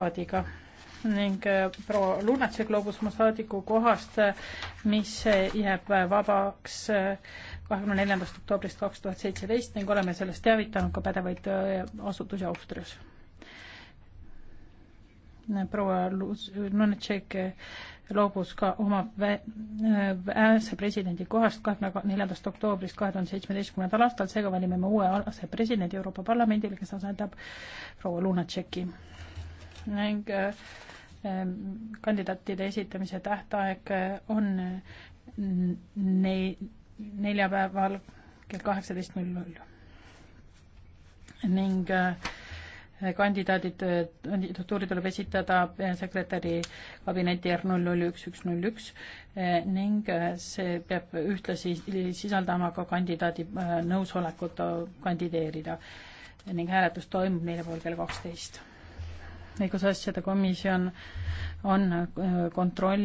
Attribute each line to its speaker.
Speaker 1: mandaadiga ning äh, proua Lunatse gloobus mandaadiku kohast, äh, mis äh, jääb vabaks kahekümne neljandast oktoobrist kaks tuhat seitseteist ning oleme sellest teavitanud ka pädevaid asutusi Austrias. proua Lunatšek loobus ka oma asepresidendi kohast kahekümne neljandast oktoobrist kahe tuhande seitsmeteistkümnendal aastal, seega valime me uue asepresidendi Euroopa Parlamendile, kes asendab proua Lunatšeki ning äh, ähm, kandidaatide esitamise tähtaeg äh, on äh, nei-, neljapäeval kell kaheksateist null null. ning kandidaadid, kandidatuuri tuleb esitada peasekretäri kabineti R null null üks üks null üks ning see peab ühtlasi sisaldama ka kandidaadi nõusolekut kandideerida ning hääletus toimub neljapäeval kell kaksteist õigusasjade komisjon on äh, kontroll